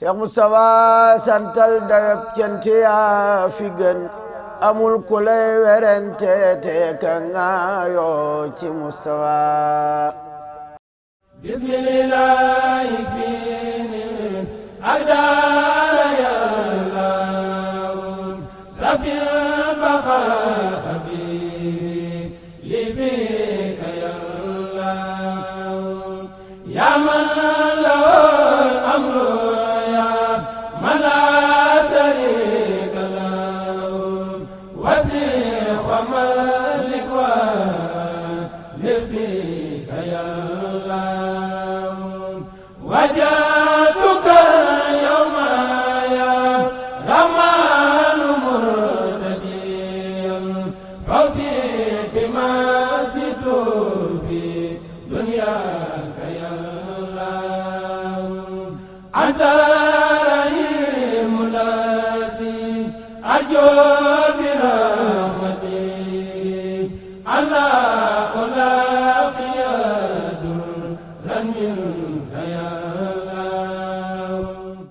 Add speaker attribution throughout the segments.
Speaker 1: Seex Mustafa santal dayob cante yaa fi gën amul ku lay werante te ka ngaayoo ci bismillahi fi ak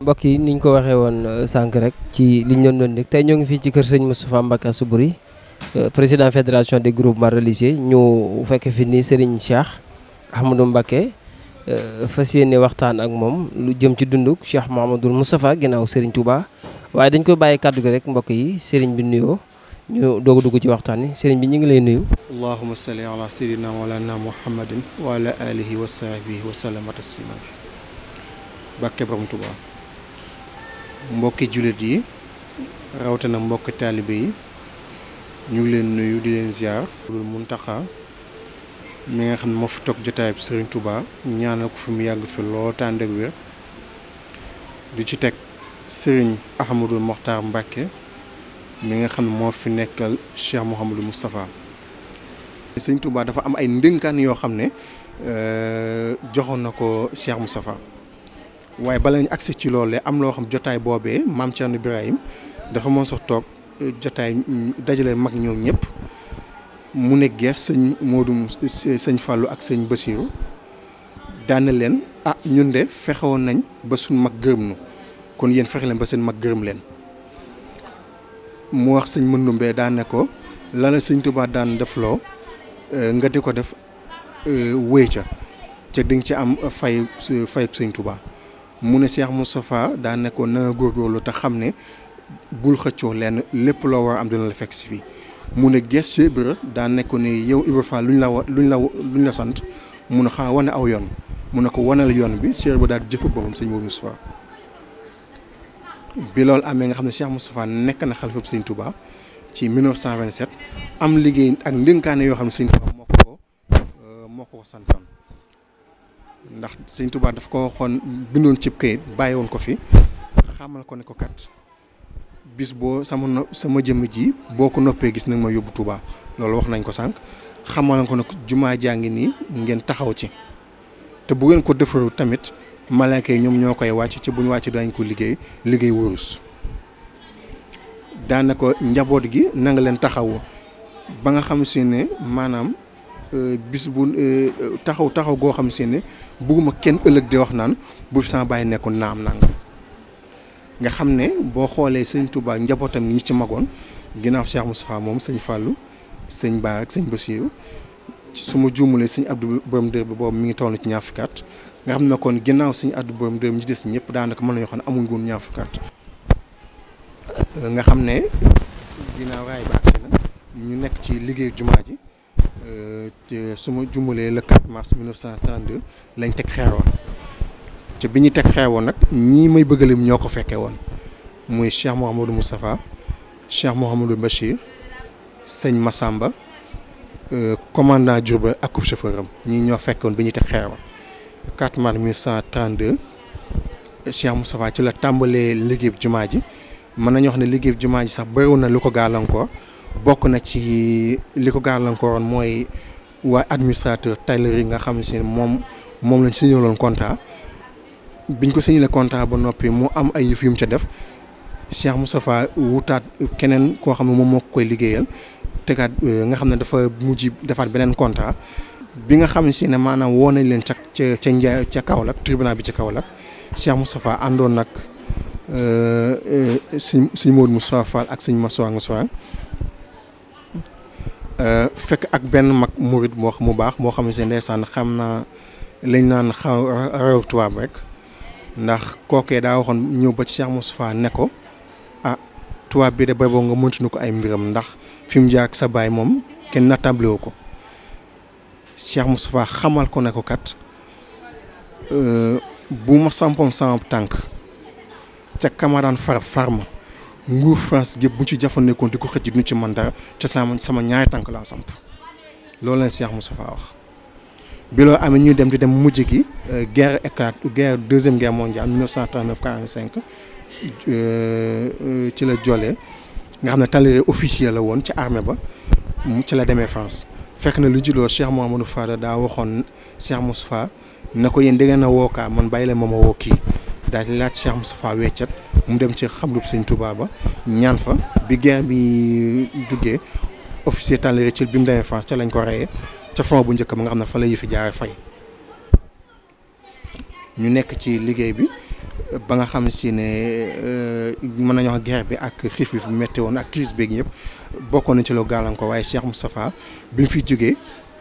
Speaker 2: mbokk yi niñ ko waxee woon euh, sànq rek ci liñ doon doon dégg tey ñoo ngi fii ci kër sëñ Moustapha Mbacké Assouboury euh, président fédération des groupements religieux ñu fekk fi nii Serigne Cheikh Ahmadou Mbacké euh, fas yéene waxtaan ak moom lu jëm ci dunduk Cheikh Mouhamadoul Moustapha ginnaaw sëriñ tuba waaye dañ koy bàyyi kàddu gi rek mbokk yi Serigne bi nuyoo ñu doog dugg ci waxtaan yi Serigne bi ñu ngi lay nuyu. allahumma salli ala sayyidina mawlana muhammadin wa ala alihi wa sahbihi mbokki jullit yi rawatina mbokki taalibe yi ñu ngi leen nuyu di leen ziar. dul Muntaxa mi nga xam ne moo fi toog jotaay bi Serigne Touba ñaanal ko fi mu yàgg fi loo tànd ak di ci teg sëriñ Ahmadul Mokhtar Mbacke mi nga xam ne moo fi nekkal Cheikh Mouhamadou Moustapha. Serigne Touba dafa am ay ndénkaan yoo xam ne euh, joxoon na ko Cheikh Moustapha. waaye balaa ñu agsi ci loolu am loo xam jotaay boobee maam Thierno Ibrahim dafa moo sox toog euh, jotaay mm, dajale mag ñoom ñëpp mu ne gees sëñ Modou sëñ Fallou ak sëñ Bassirou daana leen ah ñun de fexewoon nañ ba suñ mag gërëm kon yéen fexe leen ba seen mag gërëm leen mu wax sëñ Mëndumbee daan ne ko la la sëñ daan def loo euh, nga di ko def euh, wéy ca te di nga ci am fay fay sëñ Tuubaa mu ne Cheikh Moustapha daa nekkoon na nga lu te xam ne bul xëccoo lenn lépp loo war am dina la fekk si fii mu ne gerte Ibra daa nekkoon ne yow Ibra Fall luñ la wa luñ la luñ la sant mu ne xanaa ne aw yoon mu ne ko wanal yoon bi Cheikh ba daal di jëpp boppam sëñ Moustapha bi loolu amee nga xam ne Cheikh Moustapha nekk na xalifab sëñ Touba ci 1927 am liggéey ak ndénkaane yoo xam ne sëñ Touba moo ko euh, moo ko santoon ndax sëñ Tuubaa daf ko waxoon bindoon cib kayit bàyyi woon ko fi xamal ko ne ko kat bis boo sama sama jëmm ji boo ko noppee gis nag ma yóbbu Tuubaa loolu wax nañ ko sànq xamal ko ne jumaa jaa ngi nii ngeen taxaw ci te bu ngeen ko defaru tamit malaaka yi ñoom ñoo koy wàcc ci buñ ñu wàcc daañ ko liggéey liggéey wurus daanaka njaboot gi nanga leen taxawu ba nga xam si ne maanaam Euh, bis bu euh, taxaw taxaw goo xam si ne bugguma kenn ëllëg di wax naan bu fi sama bàyyi nekkoon naa am nangam nga xam ne boo xoolee sëñ Touba njabootam ñi ci magoon ginnaaw Cheikh Moustapha moom sëñ Fallou sëñ Ba ak sëñ Bassirou su ma juumalee sëñ Abdou Borom Dër bi boobu mi ngi toll ci ñaar nga xam ne kon ginnaaw sëñ Abdou Borom Dër ñëpp daanaka mën nañoo xam ne amuñ woon ñaar nga xam ne ginnaaw raay bi agsi na ñu nekk ci liggéeyu jumaa ji Euh, te su ma jumulee le 4 mars 1932 lañ teg xeewoon te bi ñu teg xeewoon nag ñii may bëggalim ñoo ko fekkee woon muy Cheikh Mouhamadou Moustapha Cheikh Mouhamadou Bachir sëñ Massamba euh, commandant Diourbel ak coup chauffeur am ñii ñoo fekkoon bi ñu teg xeewoon 4 mars 1932 Cheikh Moustapha ci la tàmbalee liggéeyub jumaa ji mën nañu wax ne liggéeyub jumaa ji sax bëriwoon na lu ko gàllankoor. bokk na ci li ko gàllankooroon mooy waa administrateur tailerie nga xam si moom moom lañ signé woon contrat biñ ko signé contrat ba noppi mu am ay yëf mu ca def Cheikh Moustapha wutaat keneen koo xam ne moom moo koy liggéeyal tegaat euh, nga xam ne dafa mujj defaat beneen contrat bi nga xam si ne maanaam woo nañ leen ca ca ca Ndiaye ca Kaolack tribunal bi ca Kaolack Cheikh Moustapha àndoon nag euh, euh, sëñ sëñ Modou Moustapha Fall ak sëñ Moussa Moussa Euh, fekk ak benn mag murit moo xam mu baax moo xam ne si ndeysaan xam naa lañ naan xaw réew tubaab rek ndax kookee daa waxoon ñëw ba ci Cheikh Moustapha ne ko ah tubaab bi de bebo nga mëntinu ko ay mbiram ndax fi mu jaak sa baay moom kenn nattable wu ko Cheikh Moustapha xamal ko ne ko kat euh, bu ma sampoon tànk ca kamaraan far farma nguur France gépp bu ñu ci jafandikoo di ko xëcc duñu ci mën dara te sama ñaari tànk laa samp loolu la Cheikh Moustapha wax bi loo amee ñu dem di dem mujj gi euh, guerre éclate guerre deuxième guerre mondiale 1939 45 euh, euh, ci la joole nga xam ne taliré officier la woon ci armee ba ci la demee France fekk na lu juddoo Cheikh Mouhamadou Fada daa waxoon Cheikh Moustapha na ko yéen dangeen a wookaa man bàyyi leen ma ma kii daal di laaj Cheikh Moustapha weccat mu dem ci xamlub sëñ Touba ba ñaan fa bi guerre bi duggee officier tànn ci bi mu demee France ca lañ ko reyee ca fond bu njëkk ba nga xam ne fa la yëfi jaare fay ñu nekk ci liggéey bi ba nga xam si ne euh, mën nañoo wax guerre bi ak xiif bi metti woon ak crise beeg yëpp bokkoon na ci loo gàllankoor waaye Cheikh Moustapha bi mu fi jógee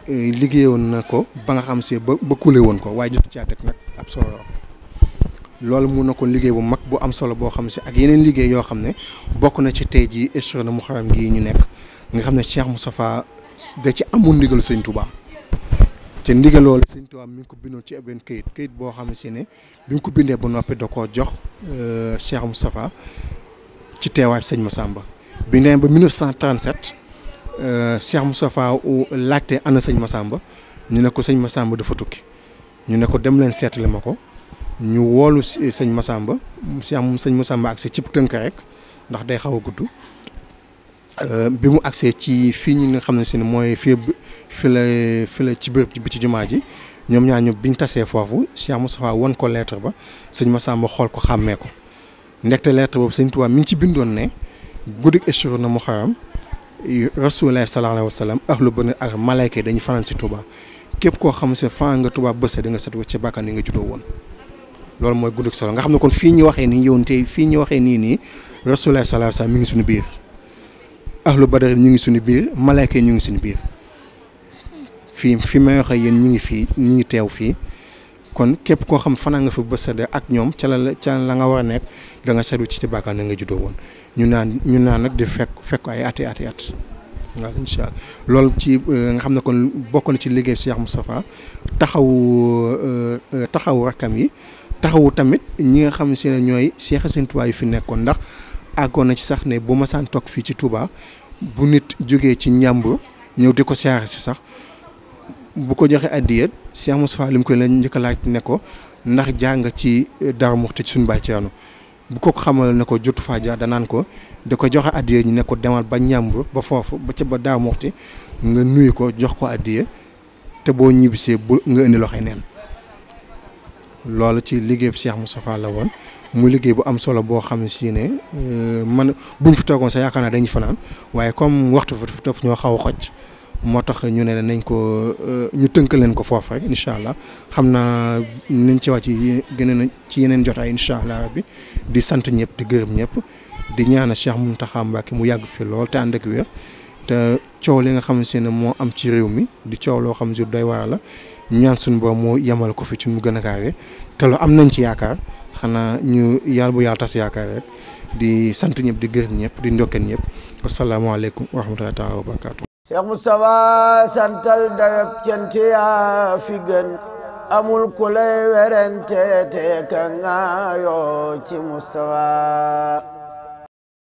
Speaker 2: euh, liggéeyoon na ko ba nga xam si ba ba woon ko waaye jotu caa teg nag ab solo loolu mu na ko liggéey bu mag bu am solo boo xam si ak yeneen liggéey yoo xam ne bokk na ci tey jii échelle Muharram gii ñu nekk nga xam ne Cheikh Moustapha da ci amul ndigal sëñ tubaa te ndigal loolu sëñ Touba mi ci benn këyit këyit boo xam si ne bi nga ko bindee ba noppi da koo jox euh, Cheikh Moustapha ci teewaay sëñ Massamba bi nee ba 1937 euh, Cheikh Moustapha laajte ana sëñ ma Massamba ñu ne ko sëñ Massamba dafa tukki ñu ne ko dem leen seetali ma ko. ñu woolu eh, sëñ Massamba si am sëñ Massamba accès ci tënk rek ndax day xaw a gudd euh, bi mu accès ci fii ñu nga xam ne si ne mooy fii fi la fi la ci bërëb bi ci jumaa ji ñoom ñaar ñu biñ tasee foofu Cheikh Moustapha won ko lettre ba sëñ Massamba xool ko xàmmee ko ndekte lettre boobu sëñ Tuubaa mi ngi ci bindoon ne guddik Ashura na mu xaram Rasulullah sallallahu alayhi wa sallam ahlu bëna ak malayka yi dañuy fanaan si Tuubaa képp koo xam ne fanaan nga Tuubaa bëse da nga set ci bàkkan yi nga juddoo woon loolu mooy guddug solo nga xam ne kon fii ñu waxee nii yow tey fii ñu waxee nii nii rasulullah sallallahu alayhi mu ngi suñu biir ahlu badar ñu ngi suñu biir malaaka ñu ngi suñu biir fii fi may wax ak yéen ñu ngi fii ñu ngi teew fii kon képp koo xam fanaa nga fa bësade ak ñoom ca la ca la nga war a nekk danga nga ci ci bàkkaar na nga juddoo woon ñu naan ñu naan nag di fekk fekk ay ati ati at waaw incha allah loolu ci euh, nga xam ne kon bokk na ci liggéey Cheikh Moustapha taxawu euh, euh, taxawu rakkam yi taxawu tamit ñi nga xam si ne ñooy Cheikh Sëñ Touba yi fi nekkoon ndax àggoon na ci sax ne bu ma saan toog fii ci Touba bu nit jógee ci njàmb ñëw di ko siyaare si sax bu ko joxee joxe addiyet Cheikh Moustapha lim ko la njëkk a laaj ne ko ndax jàng ci Darou Mouhty suñu bàyyi ci yaanu bu ko xamal ne ko jotu faa jaar danaan ko da ko joxe addiye ñu ne ko demal ba ñàmb ba foofu ba ca ba Darou Mouhty nga nuyu ko jox ko addiye te boo ñibbisee bu nga indi loxo neen loolu ci liggéey bu Cheikh Moustapha la woon mu liggéey bu am solo boo xam ne si ne euh, man buñ fi toogoon sa yaakaar naa dañuy fanaan waaye comme waxtu fi tof ñoo xaw xoj moo tax ñu ne nañ ko euh, ñu tënk leen ko foofu rek incha allah xam naa nañ ci wax ci gën ci yeneen jotaay incha allah bi di sant ñëpp di gërëm ñëpp di ñaana Cheikh Mountakha Mbacké mu yàgg fi lool te ànd ak wér te coow li nga xam ne moo am ci réew mi di coow loo xam ne doy waar ñaan suñ boobu mu yemal ko fi ci mu gën a gaawee te lu am nañ ci yaakaar xanaa ñu yàlla bu yàlla tas yaakaar rek di sant ñëpp di gërëm ñëpp di ndokkeen ñëpp asalaamaaleykum wa rahmatullahi taala wa barakaatu.
Speaker 1: Cheikh Moustapha santal dayab cant yaa fi gën amul ku lay werante te ka nga yoo ci Moustapha.